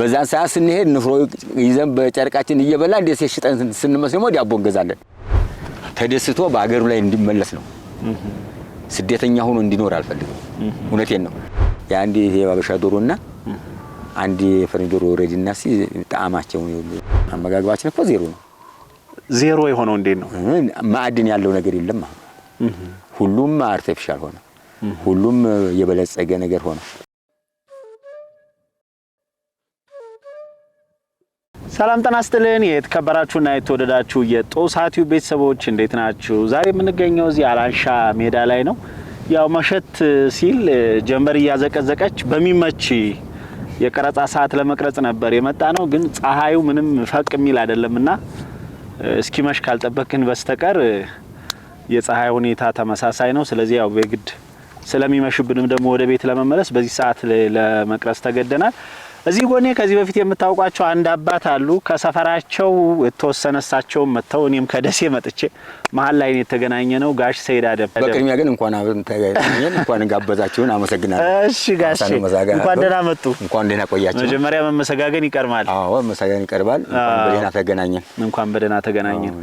በዛን ሰዓት ስንሄድ ንፍሮ ይዘን በጨርቃችን እየበላ እንደ ሴት ሽጠን ስንመስ ደግሞ ዳቦ እንገዛለን። ተደስቶ በአገሩ ላይ እንዲመለስ ነው። ስደተኛ ሆኖ እንዲኖር አልፈልግም። እውነቴን ነው። የአንድ የባበሻ ዶሮና አንድ የፈረንጅ ዶሮ ረድና ሲ ጣዕማቸውን አመጋግባችን እኮ ዜሮ ነው። ዜሮ የሆነው እንዴት ነው? ማዕድን ያለው ነገር የለም። ሁሉም አርቲፊሻል ሆነ። ሁሉም የበለጸገ ነገር ሆነ። ሰላም ጤና ይስጥልን የተከበራችሁና የተወደዳችሁ የጦሳቱ ቤተሰቦች እንዴት ናችሁ? ዛሬ የምንገኘው እዚህ አላንሻ ሜዳ ላይ ነው። ያው መሸት ሲል ጀንበር እያዘቀዘቀች በሚመች የቀረጻ ሰዓት ለመቅረጽ ነበር የመጣ ነው። ግን ፀሐዩ ምንም ፈቅ የሚል አይደለምና እስኪመሽ ካልጠበቅን በስተቀር የፀሐይ ሁኔታ ተመሳሳይ ነው። ስለዚህ ያው በግድ ስለሚመሽብንም ደግሞ ወደ ቤት ለመመለስ በዚህ ሰዓት ለመቅረጽ ተገደናል። እዚህ ጎኔ ከዚህ በፊት የምታውቋቸው አንድ አባት አሉ። ከሰፈራቸው የተወሰነ እሳቸውም መጥተው እኔም ከደሴ መጥቼ መሀል ላይ የተገናኘ ነው። ጋሽ ሰይድ አደም። በቅድሚያ ግን እንኳን ተገናኘን፣ እንኳን ጋበዛችሁን፣ አመሰግናለሁ። እሺ ጋሽ እንኳን ደህና መጡ፣ እንኳን ደህና ቆያችሁ። መጀመሪያ መመሰጋገን ይቀርማል። አዎ መመሰጋገን ይቀርባል። እንኳን በደህና ተገናኘን፣ እንኳን በደህና ተገናኘን።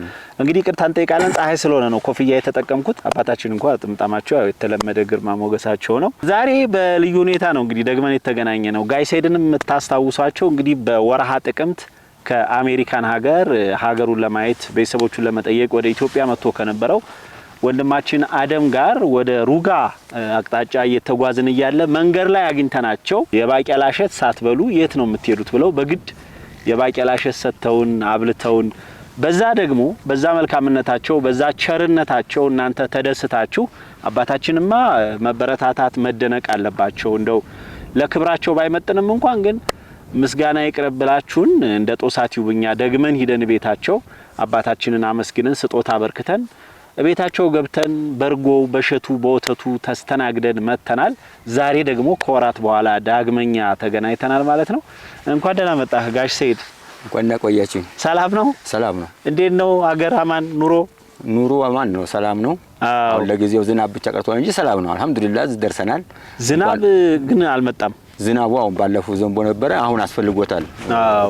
እንግዲህ ቅርታ እንጠይቃለን። ፀሐይ ስለሆነ ነው ኮፍያ የተጠቀምኩት። አባታችን እንኳ ጥምጣማቸው የተለመደ ግርማ ሞገሳቸው ነው። ዛሬ በልዩ ሁኔታ ነው እንግዲህ ደግመን የተገናኘ ነው። ጋይሳይድንም የምታስታውሷቸው እንግዲህ በወረሃ ጥቅምት ከአሜሪካን ሀገር ሀገሩን ለማየት ቤተሰቦቹን ለመጠየቅ ወደ ኢትዮጵያ መጥቶ ከነበረው ወንድማችን አደም ጋር ወደ ሩጋ አቅጣጫ እየተጓዝን እያለ መንገድ ላይ አግኝተናቸው የባቄላ እሸት ሳትበሉ የት ነው የምትሄዱት ብለው በግድ የባቄላ እሸት ሰጥተውን አብልተውን በዛ ደግሞ በዛ መልካምነታቸው በዛ ቸርነታቸው እናንተ ተደስታችሁ አባታችንማ መበረታታት መደነቅ አለባቸው እንደው ለክብራቸው ባይመጥንም እንኳን ግን ምስጋና ይቅረብ ብላችሁን እንደ ጦሳት ይውብኛ ደግመን ሂደን ቤታቸው አባታችንን አመስግነን ስጦታ አበርክተን ቤታቸው ገብተን በርጎ በሸቱ በወተቱ ተስተናግደን መጥተናል። ዛሬ ደግሞ ከወራት በኋላ ዳግመኛ ተገናኝተናል ማለት ነው። እንኳን ደህና መጣህ ጋሽ ሰይድ። እንኳን ቆያችሁ። ሰላም ነው? ሰላም ነው። እንዴት ነው አገር አማን? ኑሮ ኑሮ አማን ነው፣ ሰላም ነው። አሁን ለጊዜው ዝናብ ብቻ ቀርቷል እንጂ ሰላም ነው። አልሐምዱሊላህ ደርሰናል። ዝናብ ግን አልመጣም። ዝናቡ አሁን ባለፈው ዘንቦ ነበረ። አሁን አስፈልጎታል።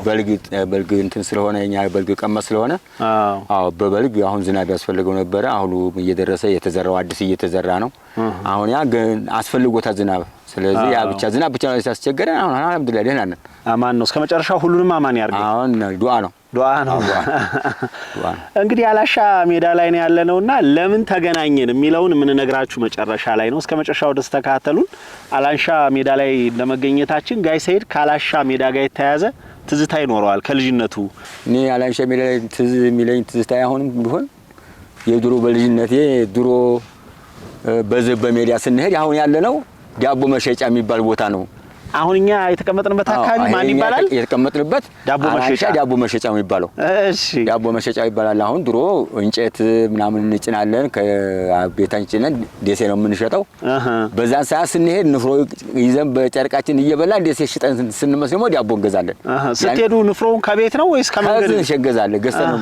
በልግ በልግ እንትን ስለሆነ የኛ በልግ ቀመስ ስለሆነ አዎ፣ በበልግ አሁን ዝናብ ያስፈልገው ነበረ። አሁን እየደረሰ እየተዘራው አዲስ እየተዘራ ነው። አሁን ያ አስፈልጎታል ዝናብ ስለዚህ ያ ብቻ ዝናብ ብቻ ነው ሲያስቸገረን። አሁን አልሐምዱሊላህ ደህና ነን። አማን ነው እስከ መጨረሻው። ሁሉንም አማን ያርገ። አሁን ዱአ ነው ዱአ ነው። ዱአ እንግዲህ ያላሻ ሜዳ ላይ ነው ያለ ያለነውና ለምን ተገናኘን የሚለውን የምንነግራችሁ መጨረሻ ላይ ነው። እስከ መጨረሻው ድረስ ተከታተሉን። አላሻ ሜዳ ላይ ለመገኘታችን ጋይ ሰይድ ካላሻ ሜዳ ጋር የተያያዘ ትዝታ ይኖረዋል ከልጅነቱ። እኔ አላንሻ ሜዳ ላይ ትዝ የሚለኝ ትዝታ አሁንም ቢሆን የድሮ በልጅነቴ ድሮ በዘበ በሜዳ ስንሄድ አሁን ያለነው ዳቦ መሸጫ የሚባል ቦታ ነው። አሁን እኛ የተቀመጥንበት አካባቢ ማን ይባላል? የተቀመጥንበት ዳቦ መሸጫ ዳቦ መሸጫ ነው የሚባለው። እሺ ዳቦ መሸጫ ይባላል። አሁን ድሮ እንጨት ምናምን እንጭናለን፣ ከቤታ እንጭነን ደሴ ነው የምንሸጠው። በዛን ሰዓት ስንሄድ ንፍሮ ይዘን በጨርቃችን እየበላን ደሴ ሽጠን ስንመስ ደግሞ ዳቦ እንገዛለን። ስትሄዱ ንፍሮውን ከቤት ነው ወይስ ከመንገድ? ከዚህ እንሸገዛለን ገዝተን ነው።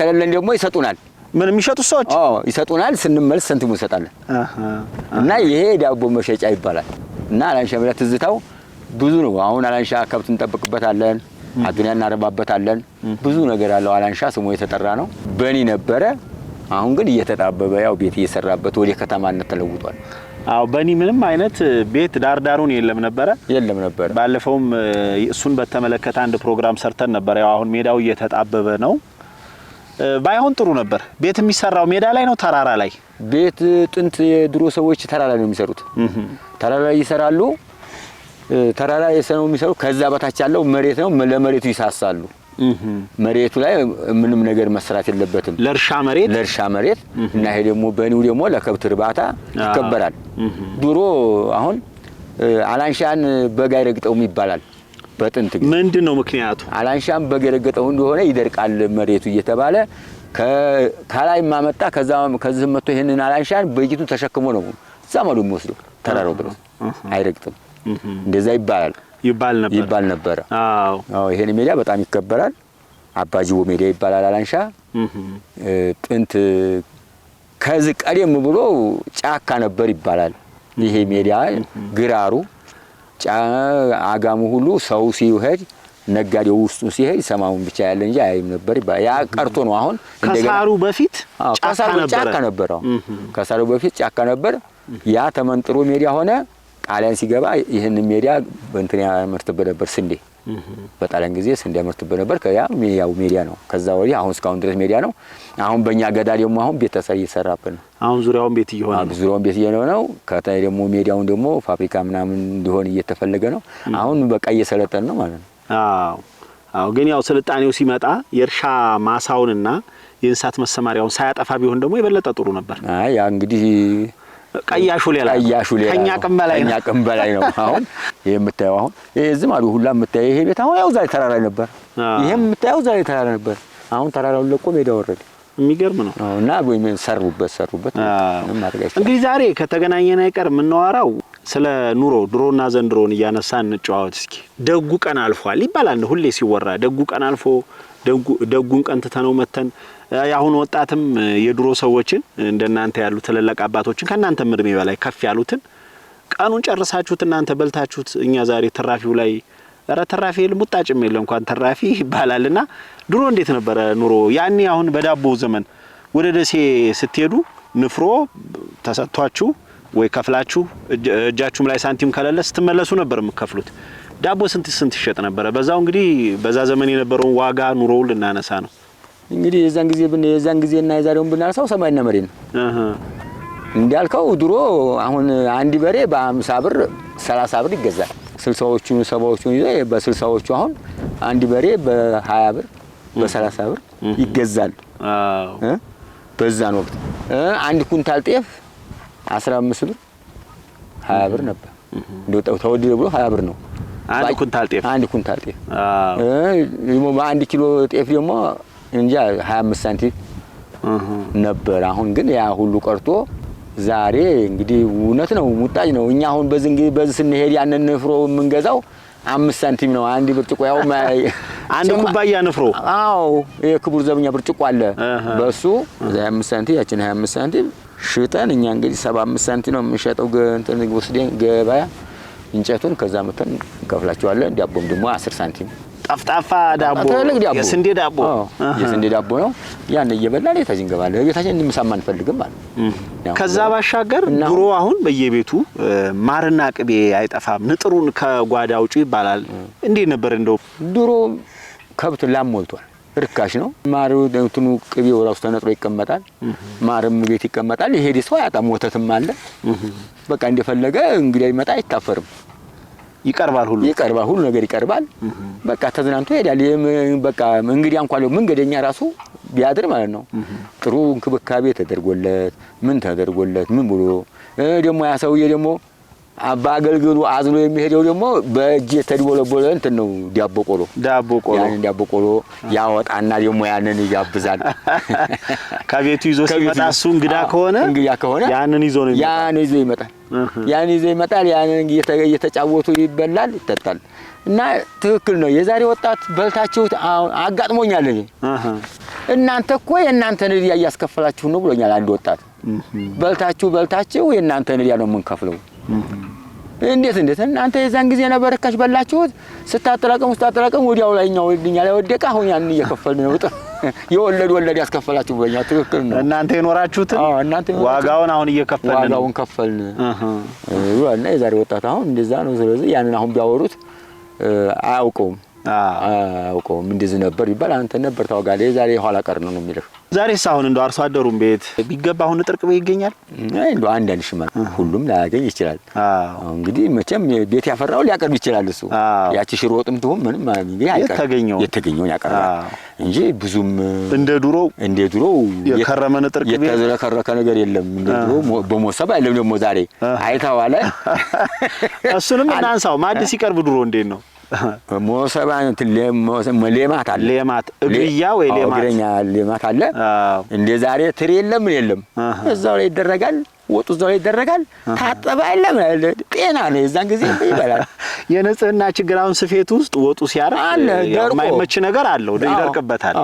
ከሌለን ደግሞ ይሰጡናል። ምን የሚሸጡ ሰዎች ይሰጡናል። ስንመልስ ሰንቲሙ ይሰጣለን እና ይሄ ዳቦ መሸጫ ይባላል። እና አላንሻ ብላ ትዝታው ብዙ ነው። አሁን አላንሻ ከብት እንጠብቅበታለን፣ አዱንያ እናረባበታለን። ብዙ ነገር አለው አላንሻ ስሙ የተጠራ ነው። በኒ ነበረ። አሁን ግን እየተጣበበ ያው ቤት እየሰራበት ወደ ከተማነት ተለውጧል። አዎ በኒ ምንም አይነት ቤት ዳር ዳሩን የለም ነበረ የለም ነበረ። ባለፈውም እሱን በተመለከተ አንድ ፕሮግራም ሰርተን ነበር። ያው አሁን ሜዳው እየተጣበበ ነው። ባይሆን ጥሩ ነበር። ቤት የሚሰራው ሜዳ ላይ ነው ተራራ ላይ? ቤት ጥንት የድሮ ሰዎች ተራራ ነው የሚሰሩት። ተራራ ላይ ይሰራሉ። ተራራ የሰነው የሚሰሩ ከዛ በታች ያለው መሬት ነው። ለመሬቱ ይሳሳሉ። መሬቱ ላይ ምንም ነገር መስራት የለበትም። ለእርሻ መሬት ለእርሻ መሬት እና ይሄ ደግሞ በኒው ደግሞ ለከብት እርባታ ይከበራል። ድሮ አሁን አላንሻን በጋይ አይረግጠውም ይባላል። በጥንት ጊዜ ምንድን ነው ምክንያቱ? አላንሻም በገለገጠው እንደሆነ ይደርቃል መሬቱ እየተባለ ከላይ ማመጣ ከዚህ መጥቶ ይህንን አላንሻን በእጅቱ ተሸክሞ ነው እዛ ማሉ የሚወስደው ተራራው ድረስ አይረግጥም። እንደዛ ይባላል ይባል ነበር ይባል ነበር። አዎ አዎ። ይሄን ሜዳ በጣም ይከበራል። አባጅቦ ሜዳ ይባላል። አላንሻ ጥንት ከዚህ ቀደም ብሎ ጫካ ነበር ይባላል። ይሄ ሜዳ ግራሩ አጋሙ ሁሉ ሰው ሲሄድ ነጋዴው ውስጡ ሲሄድ ሰማሙን ብቻ ያለ እንጂ አይም ነበር። ያ ቀርቶ ነው አሁን ከሳሩ በፊት ጫካ ነበር። ከሳሩ በፊት ጫካ ነበር። ያ ተመንጥሮ ሜዳ ሆነ። ቃሊያን ሲገባ ይህን ሜዳ በእንትን ያመርትበት ነበር ስንዴ በጣሊያን ጊዜ ስንዴ ያመርቱበት ነበር። ያው ያው ሜዳ ነው። ከዛ ወዲህ አሁን እስካሁን ድረስ ሜዳ ነው። አሁን በእኛ ገዳ ደግሞ አሁን ቤት ተሰራ እየሰራበት ነው። አሁን ዙሪያውን ቤት እየሆነ ነው። ዙሪያውን ቤት እየሆነ ነው። ከታይ ደግሞ ሜዳውን ደግሞ ፋብሪካ ምናምን እንዲሆን እየተፈለገ ነው። አሁን በቃ እየሰለጠን ነው ማለት ነው። አዎ አዎ። ግን ያው ስልጣኔው ሲመጣ የእርሻ ማሳውንና የእንስሳት መሰማሪያውን ሳያጠፋ ቢሆን ደግሞ የበለጠ ጥሩ ነበር። አይ ያ እንግዲህ ቀያሹ ሌላ ቀያሹ ሌላ ከኛ ቅም በላይ ነው። ከኛ ቅም በላይ ነው። አሁን ይሄ የምታየው አሁን ይሄ ዝም አሉ ሁላ የምታየው ይሄ ቤት አሁን ያው ዛሬ ተራራ ነበር። ይሄ የምታየው ዛሬ ተራራ ነበር። አሁን ተራራውን ለቆ ሜዳ ወረደ። የሚገርም ነው። እና ሰሩበት ሰሩበት። እንግዲህ ዛሬ ከተገናኘን አይቀር የምናወራው ስለ ኑሮ ድሮና ዘንድሮን እያነሳን እንጨዋወት እስኪ። ደጉ ቀን አልፏል ይባላል ሁሌ ሲወራ፣ ደጉ ቀን አልፎ ደጉን ቀን ትተነው መተን የአሁኑ ወጣትም የድሮ ሰዎችን እንደናንተ ያሉ ትልልቅ አባቶችን ከእናንተም እድሜ በላይ ከፍ ያሉትን ቀኑን ጨርሳችሁት እናንተ በልታችሁት እኛ ዛሬ ትራፊው ላይ ረ ትራፊ የለም ውጣጭም የለም እንኳን ትራፊ ድሮ እንዴት ነበረ ኑሮ ያኔ? አሁን በዳቦ ዘመን ወደ ደሴ ስትሄዱ ንፍሮ ተሰጥቷችሁ ወይ ከፍላችሁ እጃችሁም ላይ ሳንቲም ከሌለ ስትመለሱ ነበር የምከፍሉት። ዳቦ ስንት ስንት ይሸጥ ነበረ? በዛው እንግዲህ በዛ ዘመን የነበረውን ዋጋ ኑሮውን ልናነሳ ነው እንግዲህ የዛን ጊዜ ብን የዛን ጊዜ እና የዛሬውን ብናነሳው ሰማይና መሬት ነው። እንዳልከው ድሮ አሁን አንድ በሬ በአምሳ ብር ሰላሳ ብር ይገዛል። ስልሳዎቹን ሰባዎቹን ይዘ በስልሳዎቹ አሁን አንድ በሬ በሀያ ብር በሰላሳ ብር ይገዛል። በዛን ወቅት አንድ ኩንታል ጤፍ አስራ አምስት ብር ሀያ ብር ነበር እንደው ተወደደ ብሎ ሀያ ብር ነው አንድ ኩንታል ጤፍ አንድ ኩንታል ጤፍ አንድ ኪሎ ጤፍ ደግሞ እንጃ ሀያ ሳንቲም ነበር። አሁን ግን ያ ሁሉ ቀርቶ ዛሬ እንግዲህ እውነት ነው ሙጣጅ ነው። እኛ አሁን በዚህ በዚህ ስንሄድ ያንን ንፍሮ የምንገዛው አምስት ሳንቲም ነው አንድ ብርጭቆ። ያው አንድ ኩባያ ንፍሮ። አዎ የክቡር ዘበኛ ብርጭቆ አለ። በሱ 25 ሳንቲም ያችን 25 ሳንቲም ሽጠን እኛ እንግዲህ 75 ሳንቲም ነው የምንሸጠው እንትን ወስደን ገበያ እንጨቱን ከዛ መተን እንከፍላቸዋለን። ዳቦም ደግሞ 10 ሳንቲም ጠፍጣፋ ዳቦ ዳቦ የስንዴ ዳቦ የስንዴ ዳቦ ነው። ያን እየበላን ቤታችን እንገባለን። ቤታችን እንምሳማ አንፈልግም ማለት ነው። ከዛ ባሻገር ድሮ አሁን በየቤቱ ማርና ቅቤ አይጠፋም። ንጥሩን ከጓዳ ውጪ ይባላል። እንዴት ነበር እንደው ድሮ? ከብት ላም ሞልቷል። ርካሽ ነው ማር እንትኑ ቅቤው ራሱ ተነጥሮ ይቀመጣል። ማርም ቤት ይቀመጣል። ይሄ ሰው ያጣም ወተትም አለ። በቃ እንደፈለገ እንግዲህ ይመጣ አይታፈርም። ይቀርባል ሁሉ ይቀርባል፣ ሁሉ ነገር ይቀርባል። በቃ ተዝናንቶ ይሄዳል። በቃ እንግዲህ እንኳን መንገደኛ ራሱ ቢያድር ማለት ነው ጥሩ እንክብካቤ ተደርጎለት ምን ተደርጎለት ምን ብሎ ደግሞ ያ ሰውዬ ደግሞ በአገልግሉ አዝሎ የሚሄደው ደግሞ በእጅ የተድቦለቦለ እንትን ነው። ዳቦ ቆሎ ዳቦ ቆሎ ያንን ዳቦ ቆሎ ያወጣና ደግሞ ያንን እያብዛል። ከቤቱ ይዞ ሲመጣ እሱ እንግዳ ከሆነ እንግዳ ከሆነ ያንን ይዞ ነው ያን ይዞ ይመጣል። ያን ይዞ ይመጣል። ያንን እየተጫወቱ ይበላል፣ ይጠጣል። እና ትክክል ነው። የዛሬ ወጣት በልታችሁት አጋጥሞኛል። እኔ እናንተ እኮ የእናንተ ንድያ እያስከፈላችሁ ነው ብሎኛል አንድ ወጣት። በልታችሁ በልታችሁ የእናንተ ንድያ ነው የምንከፍለው እንዴት እንዴት እናንተ የዛን ጊዜ ነው በርካሽ በላችሁት። ስታጠራቀሙ ስታጠራቀሙ ወዲያው ላይኛው እኛ ላይ ወደቀ። አሁን ያን እየከፈል ነው። ጥር የወለድ ወለድ ያስከፈላችሁ በእኛ ትክክል ነው። እናንተ የኖራችሁት አዎ፣ እናንተ ዋጋውን አሁን እየከፈልን ዋጋውን ከፈልን እና የዛሬ ወጣት አሁን እንደዛ ነው። ስለዚህ ያንን አሁን ቢያወሩት አያውቀውም አያውቀውም። እንደዚህ ነበር ይባል አንተ ነበር ታወጋለህ። የዛሬ የኋላ ቀር ነው ነው የሚልህ ዛሬስ አሁን እንደው አርሶ አደሩም ቤት ቢገባ አሁን ጥርቅ ቤት ይገኛል። እንደው አንዳንድ ሽመል ሁሉም ላያገኝ ይችላል። እንግዲህ መቼም ቤት ያፈራው ሊያቀርብ ይችላል። እሱ ያቺ ሽሮ ወጥም ትሁን ምንም የተገኘው የተገኘውን ያቀርባል እንጂ ብዙም እንደ ድሮ እንደ ድሮ የከረመ ጥርቅ ቤት የተዝረከረከ ነገር የለም። እንደ ድሮ በሞሰብ አይለም ደግሞ ዛሬ አይተዋለ። እሱንም እናንሳው ማዕድ ሲቀርብ ድሮ እንዴት ነው ሞሰባ ሌማት አለ ሌማት እግርያ ወይ ሌማት ሌማት አለ። እንደ ዛሬ ትሪ የለም ምን የለም። እዛው ላይ ይደረጋል ወጡ እዛው ላይ ይደረጋል። ታጠባ የለም ጤና ነው። የዛን ጊዜ ይበላል። የንጽህና ችግር አሁን ስፌቱ ውስጥ ወጡ ሲያርቅ የማይመች ነገር አለው ይደርቅበታል።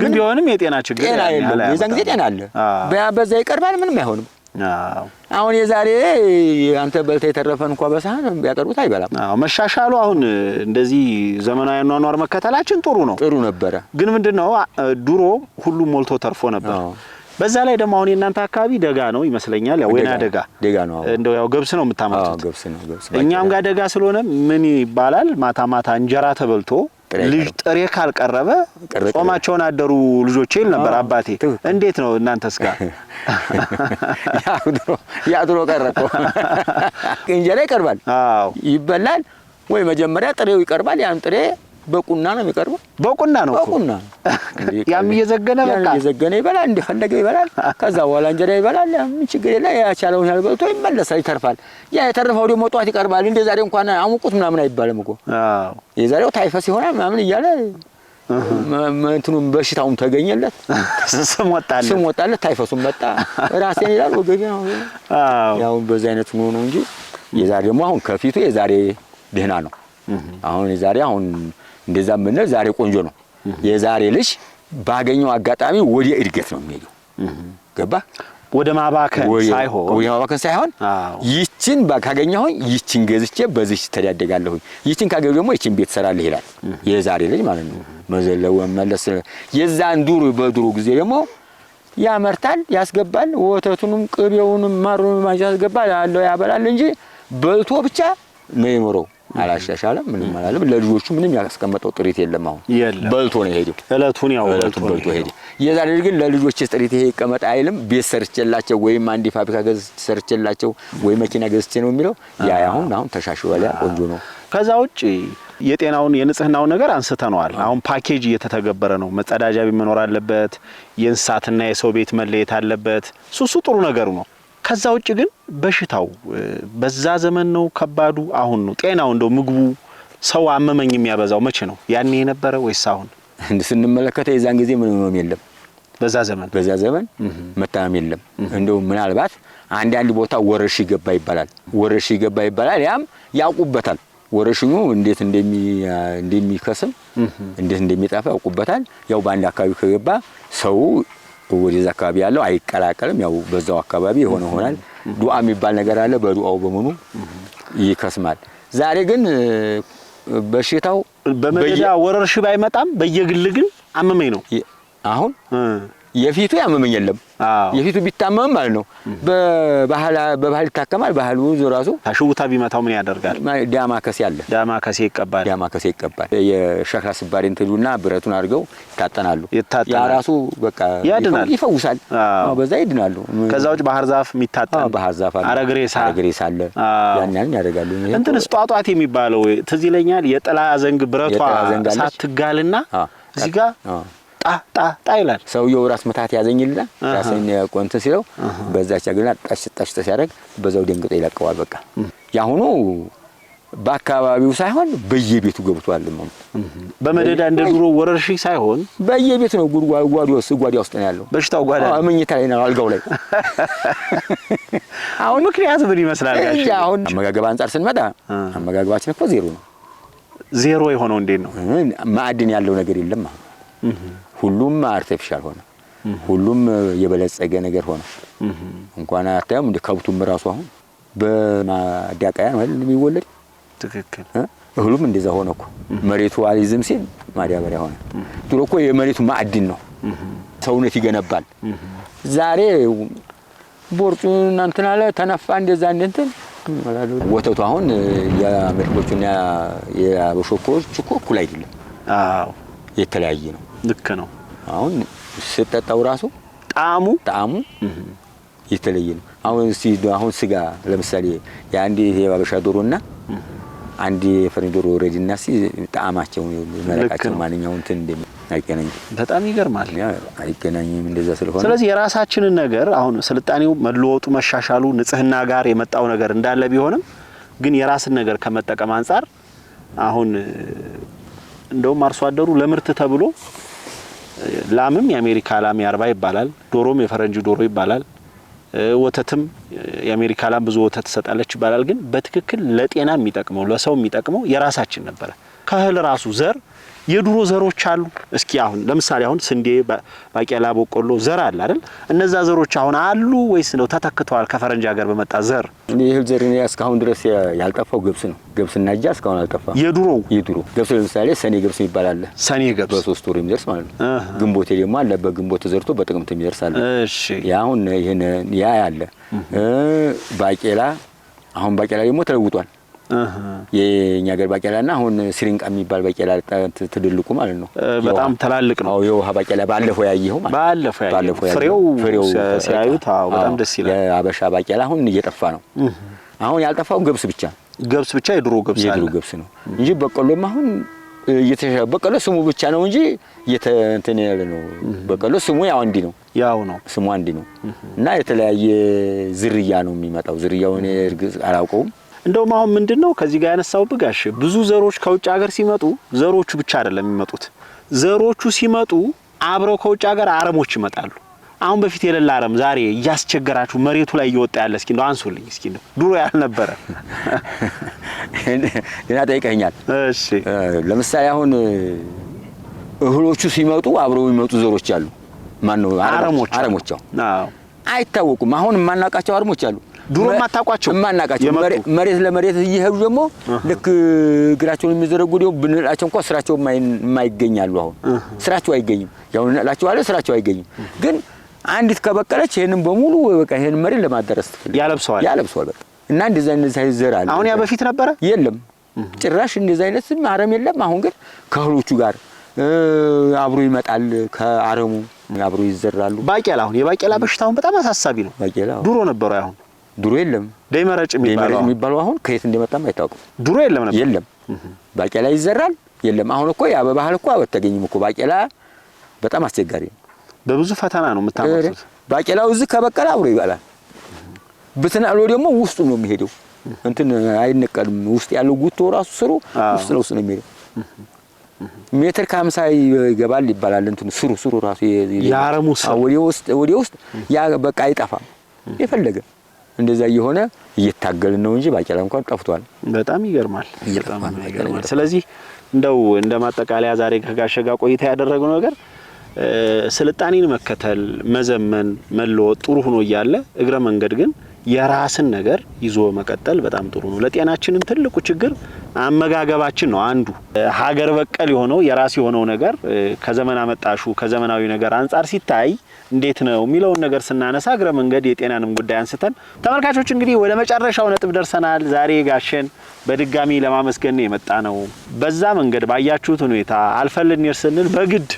ግን ቢሆንም የጤና ችግር ጤና የለም። የዛን ጊዜ ጤና አለ። በዛ ይቀርባል ምንም አይሆንም። አሁን የዛሬ አንተ በልታ የተረፈን እንኳ በሳህን ቢያቀርቡት አይበላም። አዎ መሻሻሉ አሁን እንደዚህ ዘመናዊ አኗኗር መከተላችን ጥሩ ነው ጥሩ ነበረ። ግን ምንድነው ድሮ ሁሉም ሞልቶ ተርፎ ነበር። በዛ ላይ ደግሞ አሁን የእናንተ አካባቢ ደጋ ነው ይመስለኛል፣ ያው ወይና ደጋ ደጋ ነው። እንደው ያው ገብስ ነው የምታመጡት። እኛም ጋር ደጋ ስለሆነ ምን ይባላል ማታ ማታ እንጀራ ተበልቶ ልጅ ጥሬ ካልቀረበ ጾማቸውን አደሩ ልጆቼ ይል ነበር አባቴ። እንዴት ነው እናንተ ስጋ ያድሮ ድሮ ቀረ እኮ እንጀራ ይቀርባል፣ ይበላል ወይ መጀመሪያ ጥሬው ይቀርባል። ያን ጥሬ በቁና ነው የሚቀርበው። በቁና ነው በቁና ነው ያም እየዘገነ በቃ እየዘገነ ይበላል፣ እንደፈለገ ይበላል። ከዛ በኋላ እንጀራ ይበላል። ምን ችግር የለ። ያቻለውን ያህል በልቶ ይመለሳል፣ ይተርፋል። ያ የተረፈው ደግሞ ጧት ይቀርባል። እንደ ዛሬ እንኳን አሙቁት ምናምን አይባልም እኮ የዛሬው ታይፈስ ይሆናል ምናምን እያለ እንትኑም በሽታውም ተገኘለት፣ ስም ወጣለት ስም ወጣለት፣ ታይፈሱም መጣ። ራሴን ይላል ወገቤ ነው። ያው በዚህ አይነት ሆኖ ነው እንጂ የዛሬ ደግሞ አሁን ከፊቱ የዛሬ ደህና ነው። አሁን የዛሬ አሁን እንደዛም ብንል ዛሬ ቆንጆ ነው። የዛሬ ልጅ ባገኘው አጋጣሚ ወደ እድገት ነው የሚሄደው። ገባ ወደ ማባከን ሳይሆን ወደ ማባከን ሳይሆን ይችን ካገኘሁኝ ይችን ገዝቼ በዚህ ተዳደጋለሁኝ። ይችን ካገኘሁ ደግሞ ይችን ቤት ሰራለሁ ይላል የዛሬ ልጅ ማለት ነው። መዘለው መለስ የዛን ዱር በዱሮ ጊዜ ደግሞ ያመርታል፣ ያስገባል። ወተቱንም ቅቤውንም ማሩንም ማንጫ ያስገባል አለው ያበላል እንጂ በልቶ ብቻ ነው የኖረው። አላሻሻለም፣ ምንም አላለም። ለልጆቹ ምንም ያስቀመጠው ጥሪት የለም። አሁን በልቶ ነው የሄደው፣ እለቱን ያው እለቱን በልቶ ሄደ። የዛሬ ግን ለልጆች ጥሪት ይሄ ይቀመጥ አይልም። ቤት ሰርቼላቸው ወይም አንድ ፋብሪካ ገዝቼ ሰርቼላቸው ወይ መኪና ገዝቼ ነው የሚለው። ያ አሁን አሁን ተሻሽሏል። ያ ቆንጆ ነው። ከዛ ውጭ የጤናውን የንጽህናውን ነገር አንስተነዋል። አሁን ፓኬጅ እየተተገበረ ነው። መጸዳጃ ቤት መኖር አለበት። የእንስሳትና የሰው ቤት መለየት አለበት። ሱሱ ጥሩ ነገሩ ነው። ከዛ ውጭ ግን በሽታው በዛ ዘመን ነው ከባዱ፣ አሁን ነው ጤናው። እንደው ምግቡ ሰው አመመኝ የሚያበዛው መቼ ነው? ያኔ የነበረ ወይስ አሁን? ስንመለከተ የዛን ጊዜ ምን ሆኖም የለም በዛ ዘመን በዛ ዘመን መታመም የለም። እንደው ምናልባት አንዳንድ ቦታ ወረሽ ይገባ ይባላል ወረሽ ይገባ ይባላል። ያም ያውቁበታል ወረሽኙ እንዴት እንደሚከስም እንዴት እንደሚጠፋ ያውቁበታል። ያው በአንድ አካባቢ ከገባ ሰው ወደዛ አካባቢ ያለው አይቀላቀልም። ያው በዛው አካባቢ የሆነ ሆናል። ዱዓ የሚባል ነገር አለ። በዱዓው በመኑ ይከስማል። ዛሬ ግን በሽታው በመደዳ ወረርሽ ባይመጣም በየግል ግን አመመኝ ነው አሁን የፊቱ ያመመኝ የለም። የፊቱ ቢታመም ማለት ነው በባህል በባህል ባህል ባህሉ ራሱ ሽውታ ቢመታው ምን ያደርጋል? ዳማ ከሴ አለ። ዳማ ከሴ ይቀባል። ዳማ ከሴ ይቀባል። የሸክላ ስባሪ እንትሉና ብረቱን አድርገው ይታጠናሉ። ያ ራሱ በቃ ይድናል፣ ይፈውሳል። በዛ ይድናሉ። ከዛ ውጭ ባህር ዛፍ የሚታጠን ባህር ዛፍ አለ፣ አረግሬሳ አረግሬሳ አለ። ያን ያን ያደርጋሉ። እንትን ስጧጧት የሚባለው ትዝ ይለኛል። የጥላ ዘንግ ብረቷ ሳትጋልና እዚህ ጋር ጣ ጣ ይላል። ሰውየው ራስ ምታት ያዘኝልና ራስን ቆንተ ሲለው በዛች ያገና ጣሽ ጣሽ ሲያደርግ በዛው ደንግጦ ይለቀዋል። በቃ ያሁኑ በአካባቢው ሳይሆን በየቤቱ ገብቷል። በመደዳ እንደ ድሮ ወረርሽኝ ሳይሆን በየቤቱ ነው። ጉድጓድ ጓዳ ውስጥ ነው ያለው በሽታው። ጓዳ መኝታ ላይ ነው፣ አልጋው ላይ። አሁን ምክንያት ምን ይመስላል? አሁን አመጋገብ አንጻር ስንመጣ አመጋገባችን እኮ ዜሮ ነው። ዜሮ የሆነው እንዴት ነው? ማዕድን ያለው ነገር የለም። አሁን ሁሉም አርቲፊሻል ሆነ። ሁሉም የበለጸገ ነገር ሆነ። እንኳን አታየም እንደ ከብቱም ራሱ አሁን በማዳቀያ ነው የሚወለድ ትክክል። እህሉም እንደዛ ሆነ እኮ መሬቱ አሊዝም ሲል ማዳበሪያ ሆነ። ድሮ እኮ የመሬቱ ማዕድን ነው፣ ሰውነት ይገነባል። ዛሬ ቦርጩን እንትን አለ ተነፋ፣ እንደዛ እንደንትን ወተቱ አሁን የአሜሪኮቹና የአበሾኮች እኮ እኩል አይደለም። አዎ የተለያየ ነው። ልክ ነው። አሁን ስጠጣው ራሱ ጣሙ ጣሙ የተለየ ነው። አሁን እስቲ አሁን ስጋ ለምሳሌ የአንድ የባበሻ ዶሮና አንድ የፈረንጅ ዶሮ ረዲና ሲ ጣዕማቸው መረቃቸው ማንኛው እንትን እንደ አይገናኝም። በጣም ይገርማል። አይገናኝም እንደዛ ስለሆነ ስለዚህ የራሳችንን ነገር አሁን ስልጣኔው መለወጡ መሻሻሉ ንጽህና ጋር የመጣው ነገር እንዳለ ቢሆንም ግን የራስን ነገር ከመጠቀም አንጻር አሁን እንደውም አርሶ አደሩ ለምርት ተብሎ ላምም የአሜሪካ ላም ያርባ ይባላል። ዶሮም የፈረንጅ ዶሮ ይባላል። ወተትም የአሜሪካ ላም ብዙ ወተት ትሰጣለች ይባላል። ግን በትክክል ለጤና የሚጠቅመው ለሰው የሚጠቅመው የራሳችን ነበረ። ከእህል ራሱ ዘር የድሮ ዘሮች አሉ። እስኪ አሁን ለምሳሌ አሁን ስንዴ፣ ባቄላ፣ በቆሎ ዘር አለ አይደል? እነዛ ዘሮች አሁን አሉ ወይስ ነው ተተክተዋል? ከፈረንጅ ሀገር በመጣ ዘር ይህ ዘር እስካሁን ድረስ ያልጠፋው ገብስ ነው። ገብስና እጃ እስካሁን አልጠፋ። የድሮ የድሮ ገብስ ለምሳሌ ሰኔ ገብስ የሚባል አለ። ሰኔ ገብስ በሶስት ወር የሚደርስ ማለት ነው። ግንቦቴ ደግሞ አለ። በግንቦት ተዘርቶ በጥቅምት የሚደርስ አለ። እሺ አሁን ይሄን ያ ያለ ባቄላ አሁን ባቄላ ደግሞ ተለውጧል። የኛ ሀገር ባቄላ ና አሁን ሲሪንቃ የሚባል ባቄላ ትልልቁ ማለት ነው። በጣም ትላልቅ ነው። የውሃ ባቄላ ባለፈው ያየው ማለት ባለፈው ሲያዩት በጣም ደስ ይላል። የአበሻ ባቄላ አሁን እየጠፋ ነው። አሁን ያልጠፋው ገብስ ብቻ ገብስ ብቻ የድሮ ገብስ የድሮ ገብስ ነው እንጂ በቆሎም አሁን በቀሎ ስሙ ብቻ ነው እንጂ እንትን ያለ ነው። በቀሎ ስሙ ያው አንዲ ነው ያው ነው ስሙ አንዲ ነው እና የተለያየ ዝርያ ነው የሚመጣው። ዝርያውን እርግጥ አላውቀውም። እንደውም አሁን ምንድን ነው ከዚህ ጋር ያነሳው ብጋሽ ብዙ ዘሮች ከውጭ ሀገር ሲመጡ ዘሮቹ ብቻ አይደለም የሚመጡት። ዘሮቹ ሲመጡ አብረው ከውጭ ሀገር አረሞች ይመጣሉ። አሁን በፊት የሌለ አረም ዛሬ እያስቸገራችሁ መሬቱ ላይ እየወጣ ያለ እስኪ ነው አንሱልኝ። እስኪ ነው ድሮ ያልነበረ ሌላ ጠይቀኛል። እሺ ለምሳሌ አሁን እህሎቹ ሲመጡ አብረው የሚመጡ ዘሮች አሉ። ማን ነው? አረሞች። አረሞች አይታወቁም። አሁን የማናውቃቸው አረሞች አሉ። ድሮ ማታቋቸው ማናቃቸው መሬት ለመሬት እየሄዱ ደግሞ ልክ እግራቸውን የሚዘረጉ ደግሞ ብንላቸው እንኳን ስራቸው የማይገኛሉ። አሁን ስራቸው አይገኝም። ያው እንላቸው አለ ስራቸው አይገኝም ግን አንዲት ከበቀለች ይህንን በሙሉ በቃ ይሄንን መሬት ለማደረስ ያለብሰዋል ያለብሰዋል በቃ እና እንደዛ እንደዛ ይዘራል። አሁን ያ በፊት ነበረ የለም ጭራሽ እንደዛ አይነት አረም የለም። አሁን ግን ከእህሎቹ ጋር አብሮ ይመጣል ከአረሙ አብሮ ይዘራሉ። ባቄላ አሁን የባቄላ በሽታውን በጣም አሳሳቢ ነው። ባቄላ ድሮ ነበረ አሁን ድሮ የለም። ደይ መረጭ የሚባለው አሁን ከየት እንደመጣም አይታወቅም። ድሮ የለም ነበር የለም። ባቄላ ይዘራል የለም። አሁን እኮ ያ በባህል እኮ አበተገኝም እኮ ባቄላ በጣም አስቸጋሪ ነው። በብዙ ፈተና ነው የምታመጡት። ባቄላው እዚህ ከበቀለ አብሮ ይበላል። ብትናሎ ደግሞ ውስጡ ነው የሚሄደው። እንትን አይነቀልም። ውስጥ ያለው ጉቶ ራሱ ስሩ ውስጥ ለውስጥ ነው የሚሄደው። ሜትር ከሀምሳ ይገባል ይባላል። እንትኑ ስሩ ስሩ ራሱ ያረሙ ወዲያ ውስጥ ያ በቃ አይጠፋም የፈለገ እንደዛ እየሆነ እየታገልን ነው እንጂ ባቄላ እንኳን ጠፍቷል። በጣም ይገርማል፣ ይገርማል። ስለዚህ እንደው እንደ ማጠቃለያ ዛሬ ከጋሸ ጋር ቆይታ ያደረገው ነገር ስልጣኔን መከተል፣ መዘመን፣ መለወጥ ጥሩ ሆኖ እያለ እግረ መንገድ ግን የራስን ነገር ይዞ መቀጠል በጣም ጥሩ ነው። ለጤናችንም ትልቁ ችግር አመጋገባችን ነው አንዱ ሀገር በቀል የሆነው የራስ የሆነው ነገር ከዘመን አመጣሹ ከዘመናዊ ነገር አንጻር ሲታይ እንዴት ነው የሚለውን ነገር ስናነሳ እግረ መንገድ የጤናንም ጉዳይ አንስተን ተመልካቾች እንግዲህ ወደ መጨረሻው ነጥብ ደርሰናል። ዛሬ ጋሸን በድጋሚ ለማመስገን የመጣ ነው። በዛ መንገድ ባያችሁት ሁኔታ አልፈልን ስንል በግድ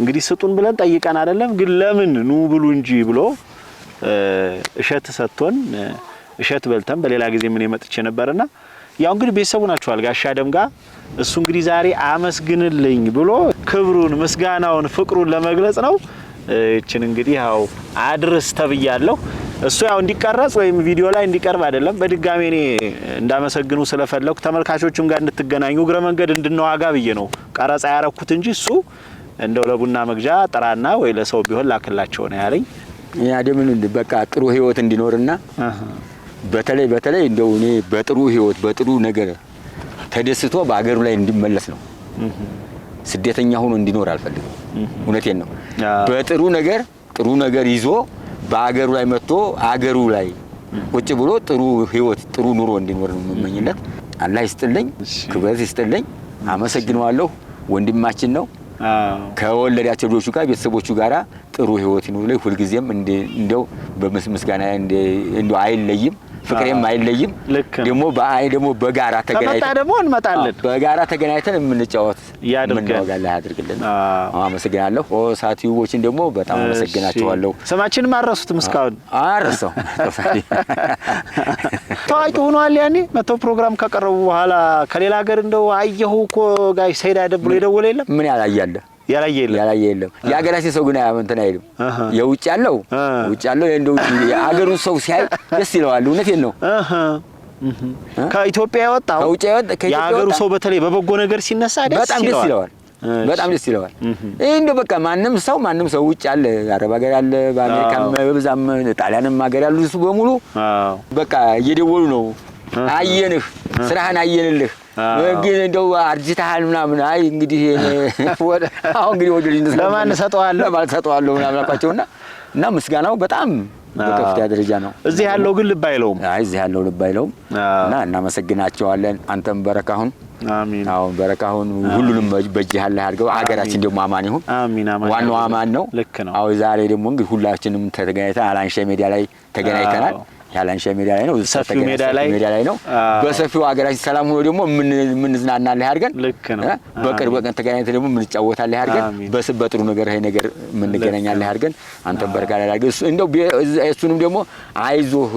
እንግዲህ ስጡን ብለን ጠይቀን አይደለም፣ ግን ለምን ኑ ብሉ እንጂ ብሎ እሸት ሰጥቶን እሸት በልተን በሌላ ጊዜ ምን የመጥቼ ነበርና ያው እንግዲህ ቤተሰቡ ናቸዋል ጋሻ ደም ጋር እሱ እንግዲህ ዛሬ አመስግንልኝ ብሎ ክብሩን፣ ምስጋናውን፣ ፍቅሩን ለመግለጽ ነው። እችን እንግዲህ ያው አድርስ ተብያለሁ። እሱ ያው እንዲቀረጽ ወይም ቪዲዮ ላይ እንዲቀርብ አይደለም። በድጋሚ እኔ እንዳመሰግኑ ስለፈለኩ ተመልካቾቹም ጋር እንድትገናኙ እግረ መንገድ እንድንዋጋ ብዬ ነው ቀረጻ ያረኩት እንጂ እሱ እንደው ለቡና መግዣ ጥራና ወይ ለሰው ቢሆን ላክላቸው ነው ያለኝ። ያ ደምን በቃ ጥሩ ህይወት እንዲኖርና በተለይ በተለይ እንደው እኔ በጥሩ ህይወት በጥሩ ነገር ተደስቶ በአገሩ ላይ እንዲመለስ ነው። ስደተኛ ሆኖ እንዲኖር አልፈልግም። እውነቴን ነው። በጥሩ ነገር ጥሩ ነገር ይዞ በአገሩ ላይ መጥቶ አገሩ ላይ ቁጭ ብሎ ጥሩ ህይወት ጥሩ ኑሮ እንዲኖር ነው የምመኝለት። አላህ ይስጥልኝ፣ ክብረት ይስጥልኝ። አመሰግነዋለሁ። ወንድማችን ነው። ከወለዳቸው ልጆቹ ጋር ቤተሰቦቹ ጋር ጥሩ ህይወት ይኑር። ሁልጊዜም እንደው በምስጋና እንደው አይለይም። ፍቅሬም አይለይም። ደግሞ በአይ ደግሞ በጋራ ተገናኝተን ደግሞ እንመጣለን። በጋራ ተገናኝተን የምንጫወት ያድርገን ያድርግልን። አመሰግናለሁ። ሳትዩዎችን ደግሞ በጣም አመሰግናቸዋለሁ። ስማችንም ማረሱት እስካሁን አረሰው ታዋቂ ሆኗል። ያኔ መተው ፕሮግራም ከቀረቡ በኋላ ከሌላ ሀገር እንደው አየሁ እኮ ጋሽ ሰይዳ ደብሎ የደወለ የለም ምን ያላያለ ያላየ የለም ያላየ የለም። የሀገራችን ሰው ግን እንትን አይልም። የውጭ ያለው ውጭ ያለው እንደው የሀገሩን ሰው ሲያይ ደስ ይለዋል። እውነቴን ነው። ከኢትዮጵያ የወጣው ከውጭ የወጣ የሀገሩ ሰው በተለይ በበጎ ነገር ሲነሳ ደስ ይለዋል። በጣም ደስ ይለዋል። ይህ እንደው በቃ ማንም ሰው ማንም ሰው ውጭ ያለ አረብ ሀገር ያለ በአሜሪካም በብዛም ጣሊያንም ሀገር ያሉ በሙሉ በቃ እየደወሉ ነው አየንህ፣ ስራህን አየንልህ። ግን እንደው አርጅተሃል ምናምን አይ እንግዲህ አሁን እንግዲህ ወደ ልጅነት ለማን ሰጠዋለሁ ለማን ሰጠዋለሁ ምናምን አልኳቸውና እና ምስጋናው በጣም በከፍተኛ ደረጃ ነው። እዚህ ያለው ግን ልብ አይለውም። አይ እዚህ ያለው ልብ አይለውም። እና እናመሰግናቸዋለን። አንተም በረካሁን አሚን። አሁን በረካሁን ሁሉንም በእጅህ አለህ አድርገው። አገራችን ደግሞ አማን ይሁን። አሚን። ዋናው አማን ነው። ልክ ነው። አዎ ዛሬ ደግሞ እንግዲህ ሁላችንም ተገናኝተን አላንሻ ሜዲያ ላይ ተገናኝተናል። ያላንሻ ሜዳ ላይ ነው። ሰፊው ሜዳ ላይ ነው። በሰፊው ሀገራችን ሰላም ሆኖ ደግሞ ላይ አድርገን በቅርብ ቀን ተገናኝተህ ደግሞ የምንጫወታለህ አድርገን በጥሩ ነገር ይሄ ነገር ላይ አድርገን አንተን በርጋ ላይ አድርገን እንደው እሱንም ደግሞ አይዞህ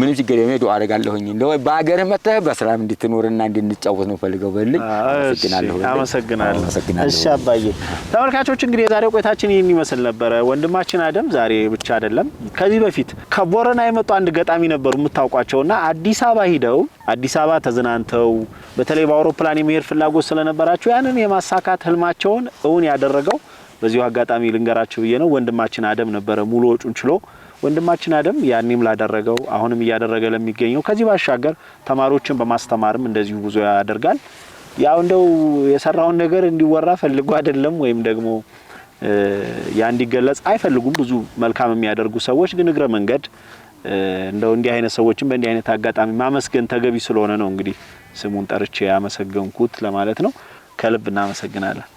ምን ችግር የለም። ዱዓ አደርጋለሁኝ እንደው በአገርህ መተህ በሰላም እንድትኖርና እንድንጫወት ነው ፈልገው በልኝ። አመሰግናለሁ፣ አመሰግናለሁ። እሺ አባዬ። ተመልካቾች እንግዲህ የዛሬው ቆይታችን ይህን ይመስል ነበረ። ወንድማችን አደም ዛሬ ብቻ አይደለም ከዚህ በፊት ከቦረና የመጡ አንድ ገጣሚ ነበሩ የምታውቋቸውና አዲስ አበባ ሂደው አዲስ አበባ ተዝናንተው በተለይ በአውሮፕላን የመሄድ ፍላጎት ስለነበራቸው ያንን የማሳካት ህልማቸውን እውን ያደረገው በዚሁ አጋጣሚ ልንገራችሁ ብዬ ነው። ወንድማችን አደም ነበረ ሙሉ ወጩን ችሎ ወንድማችን አደም ያኔም ላደረገው አሁንም እያደረገ ለሚገኘው ከዚህ ባሻገር ተማሪዎችን በማስተማርም እንደዚሁ ብዙ ያደርጋል። ያው እንደው የሰራውን ነገር እንዲወራ ፈልጎ አይደለም ወይም ደግሞ ያ እንዲገለጽ አይፈልጉም። ብዙ መልካም የሚያደርጉ ሰዎች ግን እግረ መንገድ እንደው እንዲህ አይነት ሰዎችን በእንዲህ አይነት አጋጣሚ ማመስገን ተገቢ ስለሆነ ነው እንግዲህ ስሙን ጠርቼ ያመሰገንኩት ለማለት ነው። ከልብ እናመሰግናለን።